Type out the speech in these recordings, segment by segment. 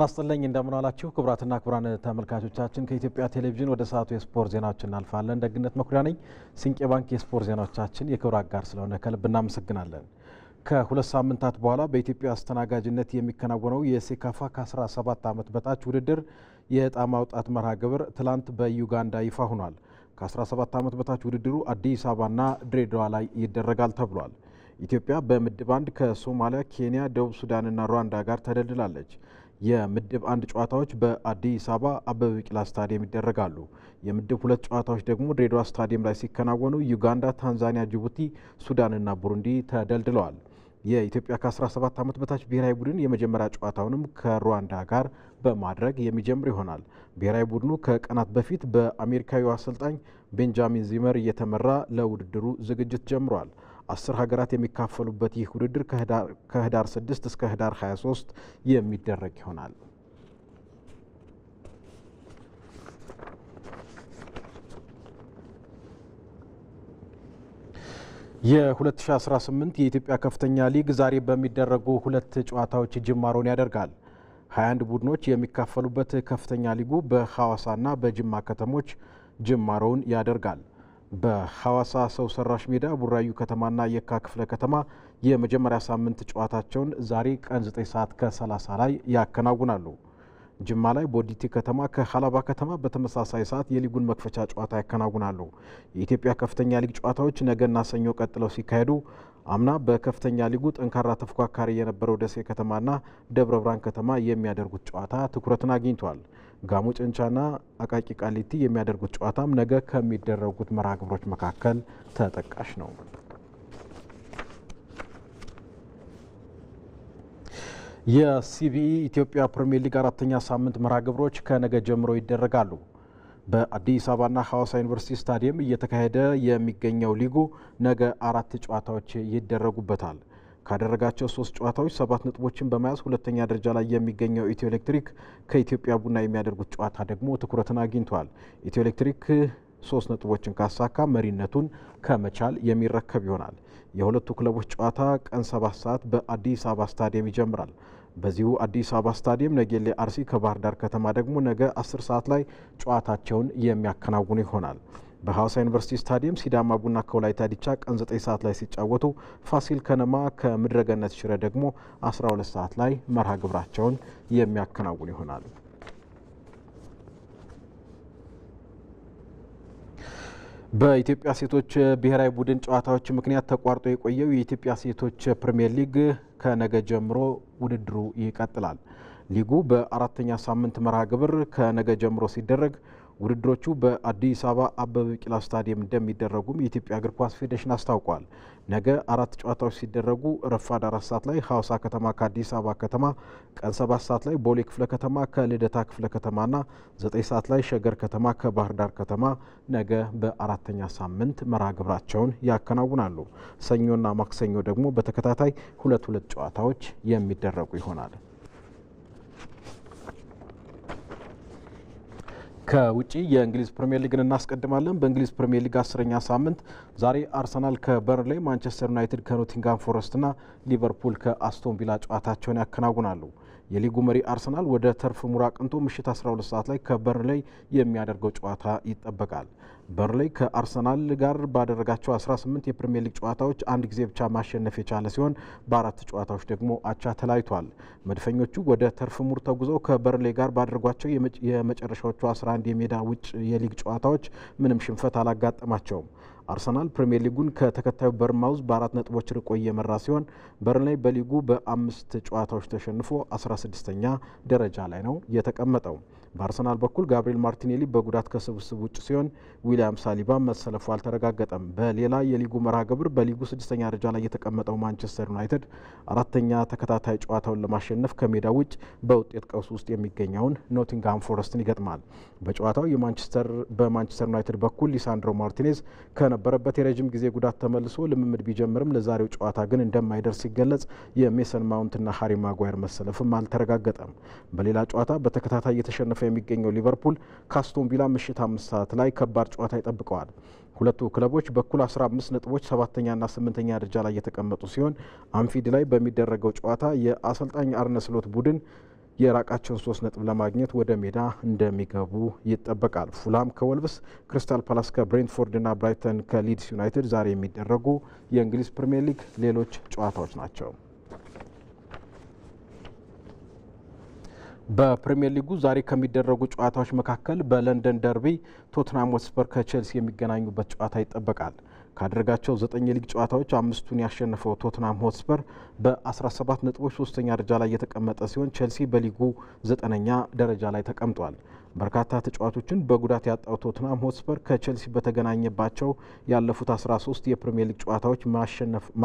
ጤና ይስጥልኝ እንደምን አላችሁ ክቡራትና ክቡራን ተመልካቾቻችን ከኢትዮጵያ ቴሌቪዥን ወደ ሰዓቱ የስፖርት ዜናዎች እናልፋለን። ደግነት መኩሪያ ነኝ። ሲንቄ ባንክ የስፖርት ዜናዎቻችን የክብር አጋር ስለሆነ ከልብ እናመሰግናለን። ከሁለት ሳምንታት በኋላ በኢትዮጵያ አስተናጋጅነት የሚከናወነው የሴካፋ ከ17 ዓመት በታች ውድድር የእጣ ማውጣት መርሃ ግብር ትላንት በዩጋንዳ ይፋ ሆኗል። ከ17 ዓመት በታች ውድድሩ አዲስ አበባና ድሬዳዋ ላይ ይደረጋል ተብሏል። ኢትዮጵያ በምድብ አንድ ከሶማሊያ፣ ኬንያ፣ ደቡብ ሱዳንና ሩዋንዳ ጋር ተደልድላለች። የምድብ አንድ ጨዋታዎች በአዲስ አበባ አበበ ቢቂላ ስታዲየም ይደረጋሉ። የምድብ ሁለት ጨዋታዎች ደግሞ ድሬዳዋ ስታዲየም ላይ ሲከናወኑ ዩጋንዳ፣ ታንዛኒያ፣ ጅቡቲ፣ ሱዳንና ቡሩንዲ ተደልድለዋል። የኢትዮጵያ ከ17 ዓመት በታች ብሔራዊ ቡድን የመጀመሪያ ጨዋታውንም ከሩዋንዳ ጋር በማድረግ የሚጀምር ይሆናል። ብሔራዊ ቡድኑ ከቀናት በፊት በአሜሪካዊው አሰልጣኝ ቤንጃሚን ዚመር እየተመራ ለውድድሩ ዝግጅት ጀምሯል። አስር ሀገራት የሚካፈሉበት ይህ ውድድር ከህዳር 6 እስከ ህዳር 23 የሚደረግ ይሆናል። የ2018 የኢትዮጵያ ከፍተኛ ሊግ ዛሬ በሚደረጉ ሁለት ጨዋታዎች ጅማሮን ያደርጋል። 21 ቡድኖች የሚካፈሉበት ከፍተኛ ሊጉ በሐዋሳና በጅማ ከተሞች ጅማሮውን ያደርጋል። በሐዋሳ ሰው ሰራሽ ሜዳ ቡራዩ ከተማና የካ ክፍለ ከተማ የመጀመሪያ ሳምንት ጨዋታቸውን ዛሬ ቀን 9 ሰዓት ከ30 ላይ ያከናውናሉ። ጅማ ላይ ቦዲቲ ከተማ ከሀላባ ከተማ በተመሳሳይ ሰዓት የሊጉን መክፈቻ ጨዋታ ያከናውናሉ። የኢትዮጵያ ከፍተኛ ሊግ ጨዋታዎች ነገና ሰኞ ቀጥለው ሲካሄዱ አምና በከፍተኛ ሊጉ ጠንካራ ተፎካካሪ የነበረው ደሴ ከተማና ደብረ ብርሃን ከተማ የሚያደርጉት ጨዋታ ትኩረትን አግኝቷል። ጋሞ ጭንቻና አቃቂ ቃሊቲ የሚያደርጉት ጨዋታም ነገ ከሚደረጉት መርሃ ግብሮች መካከል ተጠቃሽ ነው። የሲቢኢ ኢትዮጵያ ፕሪምየር ሊግ አራተኛ ሳምንት መርሃ ግብሮች ከነገ ጀምሮ ይደረጋሉ። በአዲስ አበባና ሐዋሳ ዩኒቨርሲቲ ስታዲየም እየተካሄደ የሚገኘው ሊጉ ነገ አራት ጨዋታዎች ይደረጉበታል። ካደረጋቸው ሶስት ጨዋታዎች ሰባት ነጥቦችን በመያዝ ሁለተኛ ደረጃ ላይ የሚገኘው ኢትዮ ኤሌክትሪክ ከኢትዮጵያ ቡና የሚያደርጉት ጨዋታ ደግሞ ትኩረትን አግኝቷል። ኢትዮ ኤሌክትሪክ ሶስት ነጥቦችን ካሳካ መሪነቱን ከመቻል የሚረከብ ይሆናል። የሁለቱ ክለቦች ጨዋታ ቀን ሰባት ሰዓት በአዲስ አበባ ስታዲየም ይጀምራል። በዚሁ አዲስ አበባ ስታዲየም ነጌሌ አርሲ ከባህር ዳር ከተማ ደግሞ ነገ አስር ሰዓት ላይ ጨዋታቸውን የሚያከናውኑ ይሆናል። በሐዋሳ ዩኒቨርሲቲ ስታዲየም ሲዳማ ቡና ከወላይታ ዲቻ ቀን 9 ሰዓት ላይ ሲጫወቱ ፋሲል ከነማ ከምድረገነት ሽረ ደግሞ 12 ሰዓት ላይ መርሃ ግብራቸውን የሚያከናውን ይሆናል። በኢትዮጵያ ሴቶች ብሔራዊ ቡድን ጨዋታዎች ምክንያት ተቋርጦ የቆየው የኢትዮጵያ ሴቶች ፕሪምየር ሊግ ከነገ ጀምሮ ውድድሩ ይቀጥላል። ሊጉ በአራተኛ ሳምንት መርሃ ግብር ከነገ ጀምሮ ሲደረግ ውድድሮቹ በአዲስ አበባ አበበ ቢቂላ ስታዲየም እንደሚደረጉም የኢትዮጵያ እግር ኳስ ፌዴሬሽን አስታውቋል። ነገ አራት ጨዋታዎች ሲደረጉ ረፋድ አራት ሰዓት ላይ ሐዋሳ ከተማ ከአዲስ አበባ ከተማ፣ ቀን ሰባት ሰዓት ላይ ቦሌ ክፍለ ከተማ ከልደታ ክፍለ ከተማና ዘጠኝ ሰዓት ላይ ሸገር ከተማ ከባህር ዳር ከተማ ነገ በአራተኛ ሳምንት መርሃ ግብራቸውን ያከናውናሉ። ሰኞና ማክሰኞ ደግሞ በተከታታይ ሁለት ሁለት ጨዋታዎች የሚደረጉ ይሆናል። ከውጪ የእንግሊዝ ፕሪምየር ሊግን እናስቀድማለን። በእንግሊዝ ፕሪምየር ሊግ አስረኛ ሳምንት ዛሬ አርሰናል ከበርንሌይ፣ ማንቸስተር ዩናይትድ ከኖቲንጋም ፎረስትና ሊቨርፑል ከአስቶን ቪላ ጨዋታቸውን ያከናውናሉ። የሊጉ መሪ አርሰናል ወደ ተርፍ ሙራ አቅንቶ ምሽት 12 ሰዓት ላይ ከበርንሌይ የሚያደርገው ጨዋታ ይጠበቃል። በርንሌይ ከአርሰናል ጋር ባደረጋቸው 18 የፕሪምየር ሊግ ጨዋታዎች አንድ ጊዜ ብቻ ማሸነፍ የቻለ ሲሆን በአራት ጨዋታዎች ደግሞ አቻ ተለያይቷል። መድፈኞቹ ወደ ተርፍ ሙር ተጉዘው ከበርንሌይ ጋር ባደረጓቸው የመጨረሻዎቹ 11 የሜዳ ውጭ የሊግ ጨዋታዎች ምንም ሽንፈት አላጋጠማቸውም። አርሰናል ፕሪምየር ሊጉን ከተከታዩ በርማውዝ በአራት ነጥቦች ርቆ እየመራ ሲሆን በርንላይ በሊጉ በአምስት ጨዋታዎች ተሸንፎ አስራ ስድስተኛ ደረጃ ላይ ነው የተቀመጠው። በአርሰናል በኩል ጋብሪኤል ማርቲኔሊ በጉዳት ከስብስብ ውጭ ሲሆን ዊሊያም ሳሊባ መሰለፉ አልተረጋገጠም። በሌላ የሊጉ መርሃ ግብር በሊጉ ስድስተኛ ደረጃ ላይ የተቀመጠው ማንቸስተር ዩናይትድ አራተኛ ተከታታይ ጨዋታውን ለማሸነፍ ከሜዳ ውጭ በውጤት ቀውስ ውስጥ የሚገኘውን ኖቲንግሃም ፎረስትን ይገጥማል። በጨዋታው በማንቸስተር ዩናይትድ በኩል ሊሳንድሮ ማርቲኔዝ ከነበረበት የረዥም ጊዜ ጉዳት ተመልሶ ልምምድ ቢጀምርም ለዛሬው ጨዋታ ግን እንደማይደርስ ሲገለጽ የሜሰን ማውንትና ሀሪ ማጓየር መሰለፍም አልተረጋገጠም። በሌላ ጨዋታ በተከታታይ የተሸነፈ እያሸነፈ የሚገኘው ሊቨርፑል ካስቶን ቪላ ምሽት አምስት ሰዓት ላይ ከባድ ጨዋታ ይጠብቀዋል። ሁለቱ ክለቦች በኩል 15 ነጥቦች ሰባተኛና ስምንተኛ ደረጃ ላይ የተቀመጡ ሲሆን አንፊድ ላይ በሚደረገው ጨዋታ የአሰልጣኝ አርነስሎት ቡድን የራቃቸውን ሶስት ነጥብ ለማግኘት ወደ ሜዳ እንደሚገቡ ይጠበቃል። ፉላም ከወልቭስ፣ ክሪስታል ፓላስ ከብሬንትፎርድና ብራይተን ከሊድስ ዩናይትድ ዛሬ የሚደረጉ የእንግሊዝ ፕሪምየር ሊግ ሌሎች ጨዋታዎች ናቸው። በፕሪምየር ሊጉ ዛሬ ከሚደረጉ ጨዋታዎች መካከል በለንደን ደርቢ ቶትናም ሆትስፐር ከቼልሲ የሚገናኙበት ጨዋታ ይጠበቃል። ካደረጋቸው ዘጠኝ የሊግ ጨዋታዎች አምስቱን ያሸነፈው ቶትናም ሆትስፐር በ17 ነጥቦች ሶስተኛ ደረጃ ላይ የተቀመጠ ሲሆን ቼልሲ በሊጉ ዘጠነኛ ደረጃ ላይ ተቀምጧል። በርካታ ተጫዋቾችን በጉዳት ያጣው ቶትናም ሆትስፐር ከቼልሲ በተገናኘባቸው ያለፉት 13 የፕሪምየር ሊግ ጨዋታዎች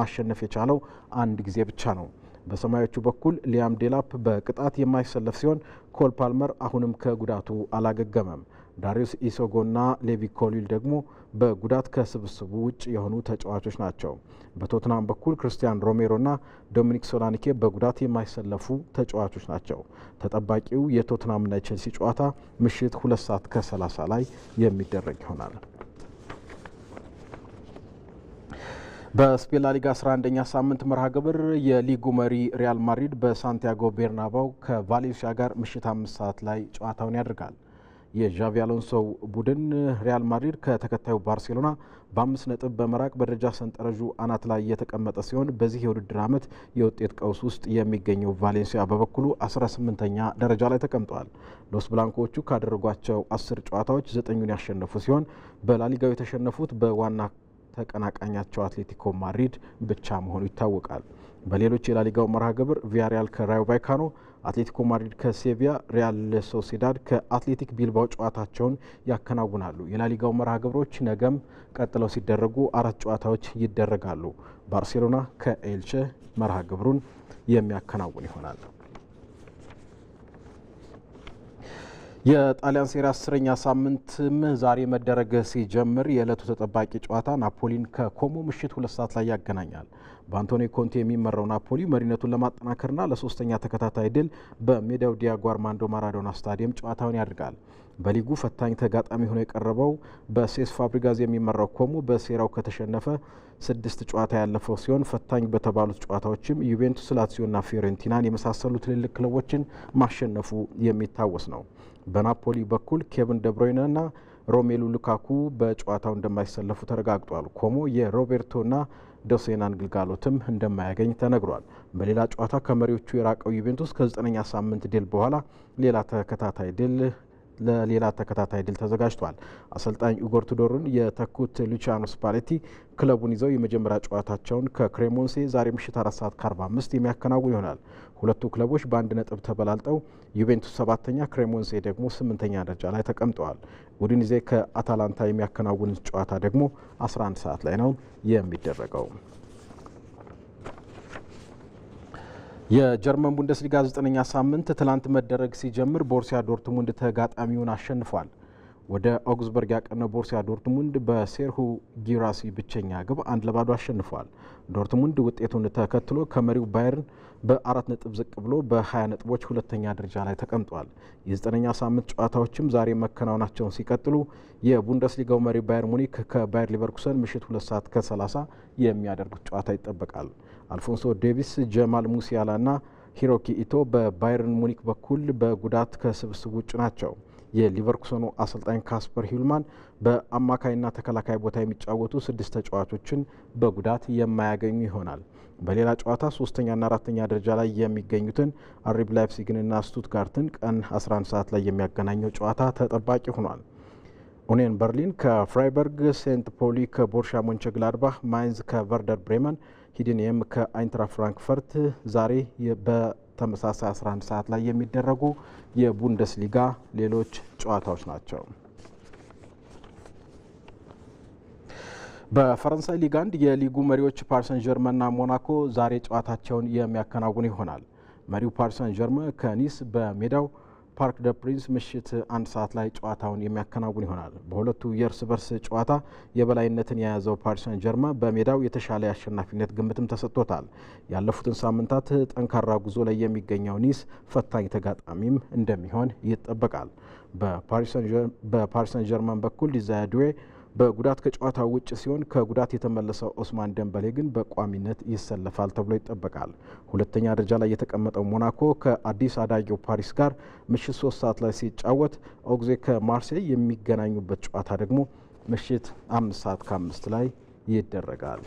ማሸነፍ የቻለው አንድ ጊዜ ብቻ ነው። በሰማዮቹ በኩል ሊያም ዴላፕ በቅጣት የማይሰለፍ ሲሆን ኮል ፓልመር አሁንም ከጉዳቱ አላገገመም። ኢሶጎ ኢሶጎና ሌቪ ኮሊል ደግሞ በጉዳት ከስብስቡ ውጭ የሆኑ ተጫዋቾች ናቸው። በቶትናም በኩል ክርስቲያን ሮሜሮና ዶሚኒክ ሶላኒኬ በጉዳት የማይሰለፉ ተጫዋቾች ናቸው። ተጠባቂው የቶትናምና የቼልሲ ጨዋታ ምሽት ሁለት ሰዓት ከ30 ላይ የሚደረግ ይሆናል። በስፔን ላሊጋ 11ኛ ሳምንት መርሃ ግብር የሊጉ መሪ ሪያል ማድሪድ በሳንቲያጎ ቤርናባው ከቫሌንሲያ ጋር ምሽት አምስት ሰዓት ላይ ጨዋታውን ያደርጋል። የዣቪ አሎንሶ ቡድን ሪያል ማድሪድ ከተከታዩ ባርሴሎና በአምስት ነጥብ በመራቅ በደረጃ ሰንጠረዡ አናት ላይ የተቀመጠ ሲሆን በዚህ የውድድር ዓመት የውጤት ቀውስ ውስጥ የሚገኘው ቫሌንሲያ በበኩሉ 18ኛ ደረጃ ላይ ተቀምጠዋል። ሎስ ብላንኮዎቹ ካደረጓቸው አስር ጨዋታዎች ዘጠኙን ያሸነፉ ሲሆን በላሊጋው የተሸነፉት በዋና ተቀናቃኛቸው አትሌቲኮ ማድሪድ ብቻ መሆኑ ይታወቃል። በሌሎች የላሊጋው መርሃ ግብር ቪያሪያል ከራዮ ቫይካኖ፣ አትሌቲኮ ማድሪድ ከሴቪያ፣ ሪያል ሶሲዳድ ከአትሌቲክ ቢልባው ጨዋታቸውን ያከናውናሉ። የላሊጋው መርሃ ግብሮች ነገም ቀጥለው ሲደረጉ አራት ጨዋታዎች ይደረጋሉ። ባርሴሎና ከኤልቼ መርሃ ግብሩን የሚያከናውን ይሆናል። የጣሊያን ሴሪ አስረኛ ሳምንትም ዛሬ መደረግ ሲጀምር የዕለቱ ተጠባቂ ጨዋታ ናፖሊን ከኮሞ ምሽት ሁለት ሰዓት ላይ ያገናኛል። በአንቶኒ ኮንቴ የሚመራው ናፖሊ መሪነቱን ለማጠናከርና ለሶስተኛ ተከታታይ ድል በሜዳው ዲያጎ አርማንዶ ማራዶና ስታዲየም ጨዋታውን ያደርጋል። በሊጉ ፈታኝ ተጋጣሚ ሆኖ የቀረበው በሴስ ፋብሪጋዝ የሚመራው ኮሞ በሴራው ከተሸነፈ ስድስት ጨዋታ ያለፈው ሲሆን ፈታኝ በተባሉት ጨዋታዎችም ዩቬንቱስ፣ ላትሲዮና ፊዮሬንቲናን የመሳሰሉ ትልልቅ ክለቦችን ማሸነፉ የሚታወስ ነው። በናፖሊ በኩል ኬቭን ደብሮይነ እና ሮሜሉ ሉካኩ በጨዋታው እንደማይሰለፉ ተረጋግጧል። ኮሞ የሮቤርቶና ደሴናን ግልጋሎትም እንደማያገኝ ተነግሯል። በሌላ ጨዋታ ከመሪዎቹ የራቀው ዩቬንቱስ ከዘጠነኛ ሳምንት ድል በኋላ ሌላ ተከታታይ ድል ለሌላ ተከታታይ ድል ተዘጋጅቷል። አሰልጣኝ ኢጎር ቱዶርን የተኩት ሉቻኖ ስፓሌቲ ክለቡን ይዘው የመጀመሪያ ጨዋታቸውን ከክሬሞንሴ ዛሬ ምሽት አራት ሰዓት ከ45 የሚያከናውን ይሆናል። ሁለቱ ክለቦች በአንድ ነጥብ ተበላልጠው ዩቬንቱስ ሰባተኛ፣ ክሬሞንሴ ደግሞ ስምንተኛ ደረጃ ላይ ተቀምጠዋል። ኡዲኔዜ ከአታላንታ የሚያከናውን ጨዋታ ደግሞ 11 ሰዓት ላይ ነው የሚደረገው። የጀርመን ቡንደስሊጋ ዘጠነኛ ሳምንት ትላንት መደረግ ሲጀምር ቦርሲያ ዶርትሙንድ ተጋጣሚውን አሸንፏል። ወደ ኦግስበርግ ያቀነው ቦርሲያ ዶርትሙንድ በሴርሁ ጊራሲ ብቸኛ ግብ አንድ ለባዶ አሸንፏል። ዶርትሙንድ ውጤቱን ተከትሎ ከመሪው ባየርን በአራት ነጥብ ዝቅ ብሎ በ20 ነጥቦች ሁለተኛ ደረጃ ላይ ተቀምጧል። የዘጠነኛ ሳምንት ጨዋታዎችም ዛሬ መከናወናቸውን ሲቀጥሉ የቡንደስሊጋው መሪ ባየር ሙኒክ ከባየር ሊቨርኩሰን ምሽት ሁለት ሰዓት ከ30 የሚያደርጉት ጨዋታ ይጠበቃል። አልፎንሶ ዴቪስ፣ ጀማል ሙሲያላ ና ሂሮኪ ኢቶ በባየርን ሙኒክ በኩል በጉዳት ከስብስብ ውጭ ናቸው። የሊቨርኩሰኑ አሰልጣኝ ካስፐር ሂልማን በአማካይና ተከላካይ ቦታ የሚጫወቱ ስድስት ተጫዋቾችን በጉዳት የማያገኙ ይሆናል። በሌላ ጨዋታ ሶስተኛና አራተኛ ደረጃ ላይ የሚገኙትን አሪብ ላይፕሲግንና ስቱትጋርትን ቀን 11 ሰዓት ላይ የሚያገናኘው ጨዋታ ተጠባቂ ሆኗል። ኡኒየን በርሊን ከፍራይበርግ፣ ሴንት ፖሊ ከቦርሻ ግላድባህ፣ ማይንዝ ከቨርደር ብሬመን፣ ሂድንየም ከአይንትራ ፍራንክፈርት ዛሬ ተመሳሳይ 11 ሰዓት ላይ የሚደረጉ የቡንደስሊጋ ሌሎች ጨዋታዎች ናቸው። በፈረንሳይ ሊግ አንድ የሊጉ መሪዎች ፓሪሰን ጀርመንና ሞናኮ ዛሬ ጨዋታቸውን የሚያከናውኑ ይሆናል። መሪው ፓሪሰን ጀርመን ከኒስ በሜዳው ፓርክ ደ ፕሪንስ ምሽት አንድ ሰዓት ላይ ጨዋታውን የሚያከናውን ይሆናል። በሁለቱ የእርስ በርስ ጨዋታ የበላይነትን የያዘው ፓሪሰን ጀርማ በሜዳው የተሻለ የአሸናፊነት ግምትም ተሰጥቶታል። ያለፉትን ሳምንታት ጠንካራ ጉዞ ላይ የሚገኘው ኒስ ፈታኝ ተጋጣሚም እንደሚሆን ይጠበቃል። በፓሪሰን ጀርማን በኩል ዲዛያድዌ በጉዳት ከጨዋታው ውጭ ሲሆን ከጉዳት የተመለሰው ኦስማን ደንበሌ ግን በቋሚነት ይሰለፋል ተብሎ ይጠበቃል። ሁለተኛ ደረጃ ላይ የተቀመጠው ሞናኮ ከአዲስ አዳጊው ፓሪስ ጋር ምሽት ሶስት ሰዓት ላይ ሲጫወት ኦግዜ ከማርሴይ የሚገናኙበት ጨዋታ ደግሞ ምሽት አምስት ሰዓት ከአምስት ላይ ይደረጋል።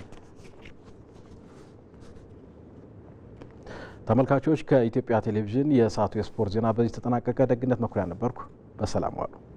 ተመልካቾች ከኢትዮጵያ ቴሌቪዥን የሰዓቱ የስፖርት ዜና በዚህ ተጠናቀቀ። ደግነት መኩሪያ ነበርኩ። በሰላም ዋሉ።